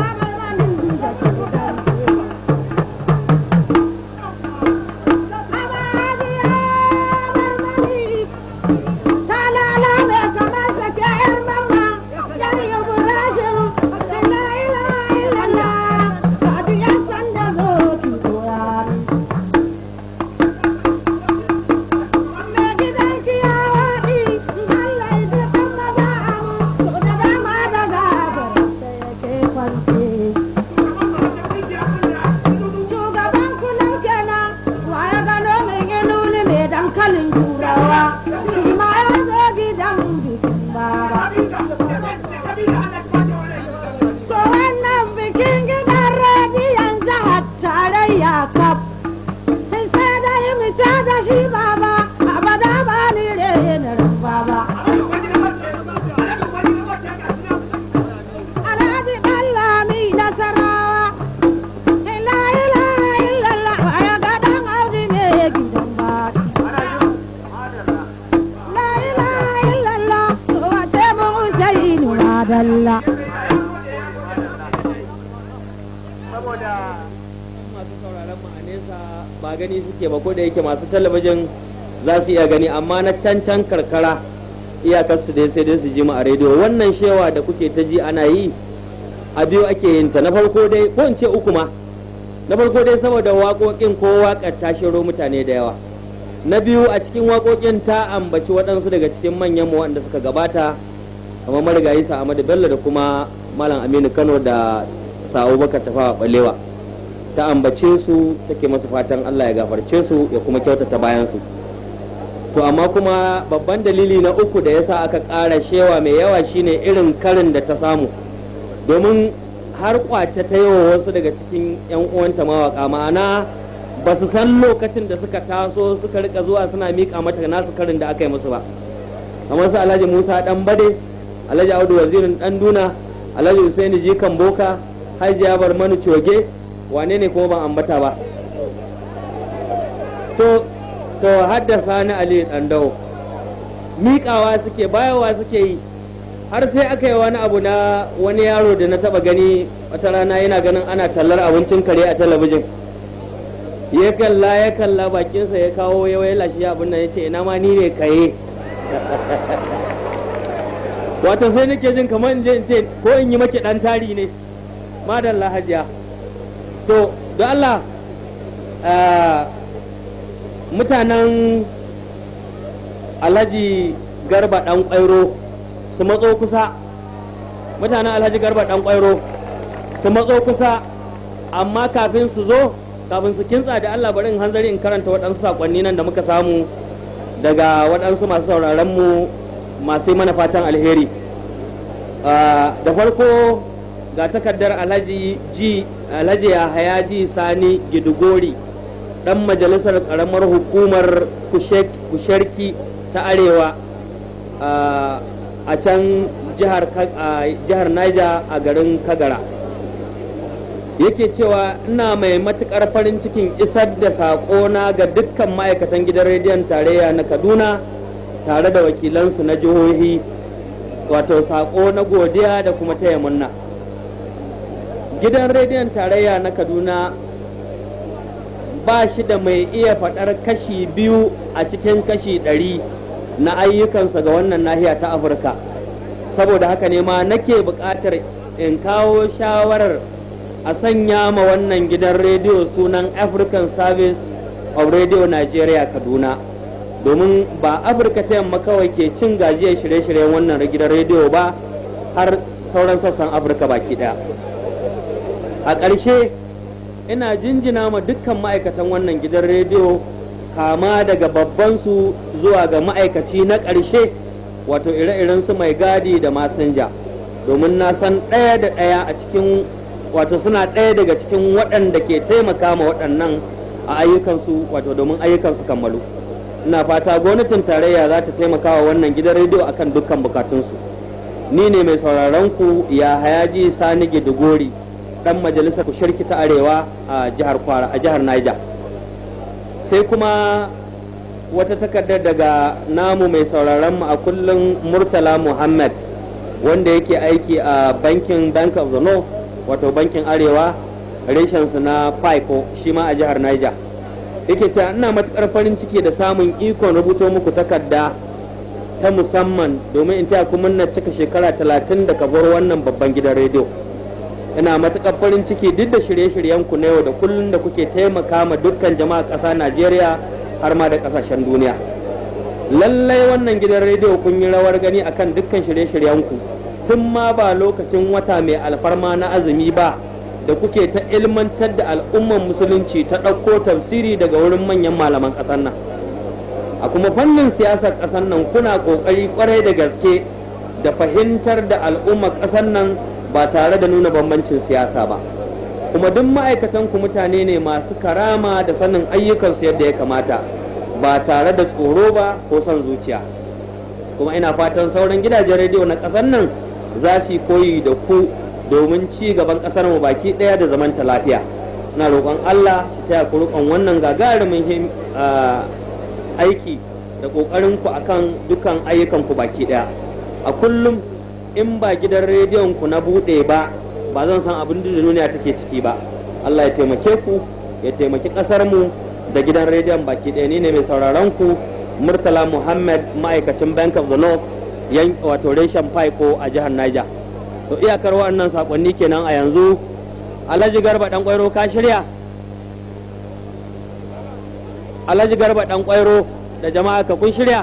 Mama. Allah saboda masu sauraron mu a nesa ba gani suke ba ko da yake masu talabijin za su iya gani amma na can can karkara su dai sai dai su ji mu a rediyo wannan shewa da kuke ta ji ana yi a biyu ake yin ta na farko dai ko in ce uku ma na farko dai saboda waƙoƙin ko waƙar ta shiro mutane da yawa na biyu a cikin waƙoƙin ta ambaci waɗansu daga cikin manyan mu waɗanda suka gabata kamar marigayi sa Bello da kuma Malam Aminu Kano da Sa'o Bakar Tafawa Balewa ta ambace su take masu fatan Allah ya gafarce su ya kuma kyautata bayan su to amma kuma babban dalili na uku da yasa aka ƙara shewa mai yawa shine irin karin da ta samu domin har kwace ta yawa wasu daga cikin 'yan uwanta mawaka ma'ana ba su san lokacin da suka taso suka rika zuwa suna miƙa mata nasu karin da aka yi musu ba kamar su alhaji musa dan bade alhaji audu wazirin dan duna alhaji husaini jikan boka hajiya manu coge wane ne kuma ban ambata ba to to haddasa ni ali dawo miƙawa suke bayawa suke yi har sai aka yi wani abu na wani yaro da na taba gani wata rana yana ganin ana tallar abincin kare a talabijin ya kalla ya kalla bakinsa ya kawo ya waye lashi abin nan ya ce ina ma ni ne kaye. wato sai nake jin kamar in je in ce ko in yi maki dan tari ne madan lahajiya to da Allah mutanen alhaji garba dan kwairo su matso kusa mutanen alhaji garba dan kwairo su matso kusa amma kafin su zo kafin su kintsa da Allah bari in hanzari in karanta waɗansu saƙonni nan da muka samu daga waɗansu masu sauraron mu masu mana fatan alheri ah, da farko ga takardar alhaji ji alhaji yahaya ji sani gidigori dan majalisar karamar hukumar kusharki ta arewa ah, a can jihar naija a garin kagara yake cewa ina mai matukar farin cikin isar da saƙona ga dukkan ma'aikatan gidan rediyon tarayya na kaduna tare da wakilansu na jihohi wato saƙo na godiya da kuma taya murna gidan rediyon tarayya na kaduna ba shi da mai iya faɗar kashi biyu a cikin kashi ɗari na ayyukansa ga wannan nahiya ta afirka saboda haka ne ma nake buƙatar in kawo shawarar a sanya ma wannan gidan rediyo sunan african service of radio nigeria kaduna domin ba afirka ta yamma kawai ke cin gajiyar shirye-shiryen wannan gidan rediyo ba har sauran sassan afirka baki daya a ƙarshe ina jinjina ma dukkan ma'aikatan wannan gidan rediyo kama daga babban su zuwa ga ma'aikaci na ƙarshe wato ire-iren su mai gadi da masanja domin na san ɗaya da ɗaya a cikin wato suna ɗaya daga cikin waɗanda ke taimaka ma waɗannan a ayyukansu wato domin ayyukansu kammalu. ina fata gwamnatin tarayya za ta taimaka wa wannan gidan rediyo akan dukkan bukatunsu ni ne mai sauraron ku ya hayaji sani gidigori dan majalisar ku shirki ta arewa a jihar kwara a jihar niger sai kuma wata takardar daga namu mai sauraron mu a kullum murtala muhammad wanda yake aiki a bankin bank of the north wato bankin arewa reshensu na 5 shi ma a jihar niger yake ta ina matuƙar farin ciki da samun ikon rubuto muku takarda ta musamman domin in taya kuma na cika shekara talatin da kabar wannan babban gidan rediyo ina matuƙar farin ciki duk da shirye ku na yau da kullum da kuke taimaka ma dukkan jama'a ƙasa najeriya har ma da ƙasashen duniya lallai wannan gidan rediyo kun yi rawar gani akan dukkan shirye-shiryenku tun ma ba lokacin wata mai alfarma na azumi ba da kuke ta ilmantar da al'umman musulunci ta ɗauko tafsiri daga wurin manyan malaman ƙasar nan a kuma fannin siyasar ƙasar nan kuna ƙoƙari ƙwarai da gaske da fahimtar da al'ummar ƙasar nan ba tare da nuna bambancin siyasa ba kuma duk ma'aikatan ku mutane ne masu karama da sanin ayyukansu yadda ya kamata ba tare da tsoro ba ko son zuciya kuma ina fatan sauran gidajen rediyo na ƙasar nan za su koyi da ku domin ci gaban kasar mu baki ɗaya da zaman ta lafiya na roƙon Allah shi taya ku roƙon wannan gagarumin aiki da ƙoƙarin ku akan dukan ayyukan ku baki ɗaya a kullum in ba gidan rediyon ku na buɗe ba ba zan san abin da duniya take ciki ba Allah ya taimake ku ya taimaki kasar mu da gidan rediyon baki ɗaya ni ne mai sauraron ku Murtala Muhammad ma'aikacin Bank of the North yan wato reshen Faiko a jihar Niger to iyakar wa'annan sakonni kenan a yanzu alhaji garba dan kwairo ka shirya alhaji garba dan kwairo da jama'a ka kun shirya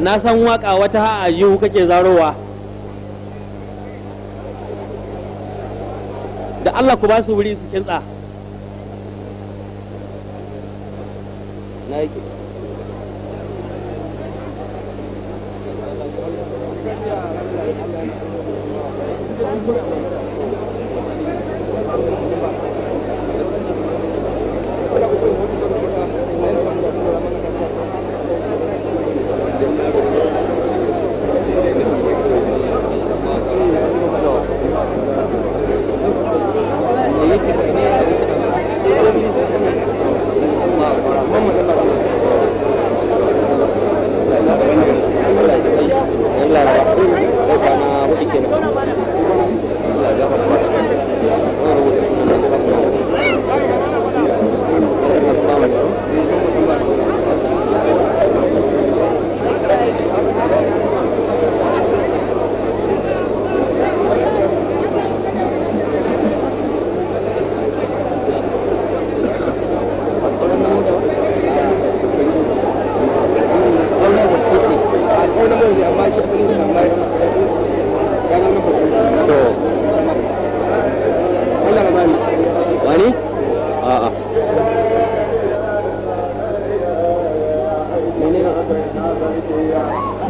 na san waka wata a kake zarowa da allah ku ba su wuri su kintsa na yake Thank you.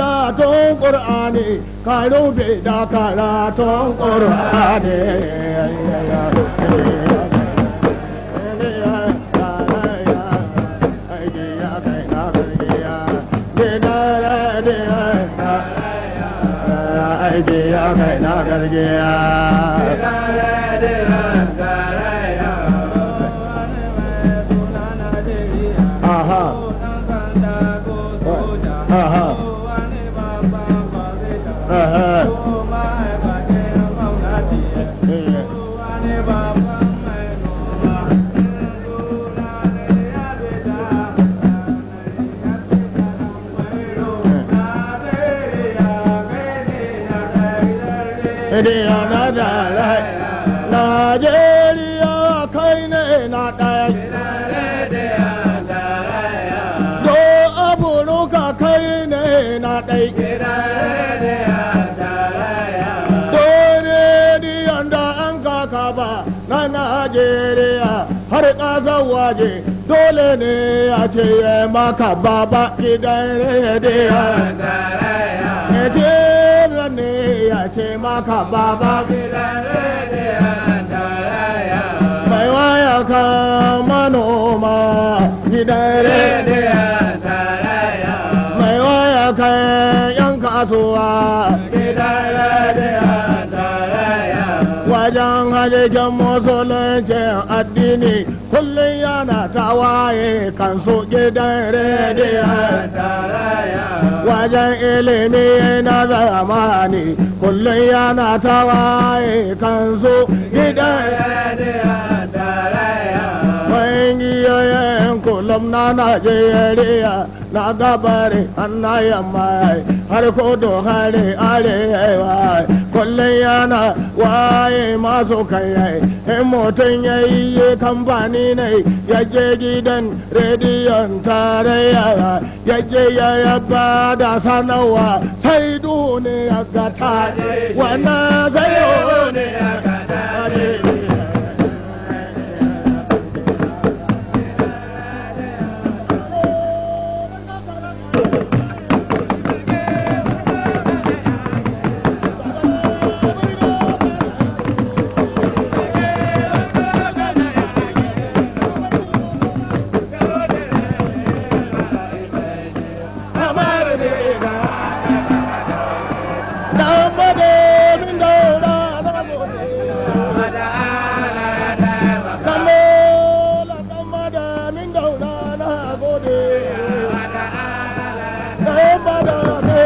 karatun ƙur'ani ka rufe da karatun ƙur'ani Yeah. Najeriya na da rai Najeriya kai ne na ɗaya Do ka kai ne na ɗai Do rediyon da an ka ba na Najeriya har ƙasar waje dole ne a ce maka baba gidan rediyon ce maka baba mai waya ka manoma gidare mai waya ka yan kasuwa gidan rediyon tarayya wajen hajjikin musulunci addini kullum yana tawaye kan su gidan rediyon wajen ilimi na zamani kullum yana tawaye kan su gidan rediyon ƙungiyoyin kulam na najeriya na gabari na yamma har kudu har arewa kullum yana waye masu kai in mutum ya yi kamfani ne ya je gidan rediyon tarayya ya je ya yaba da sanarwa sai duniya ga ta wannan zai ne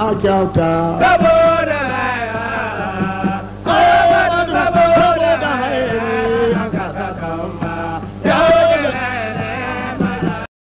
I got Double.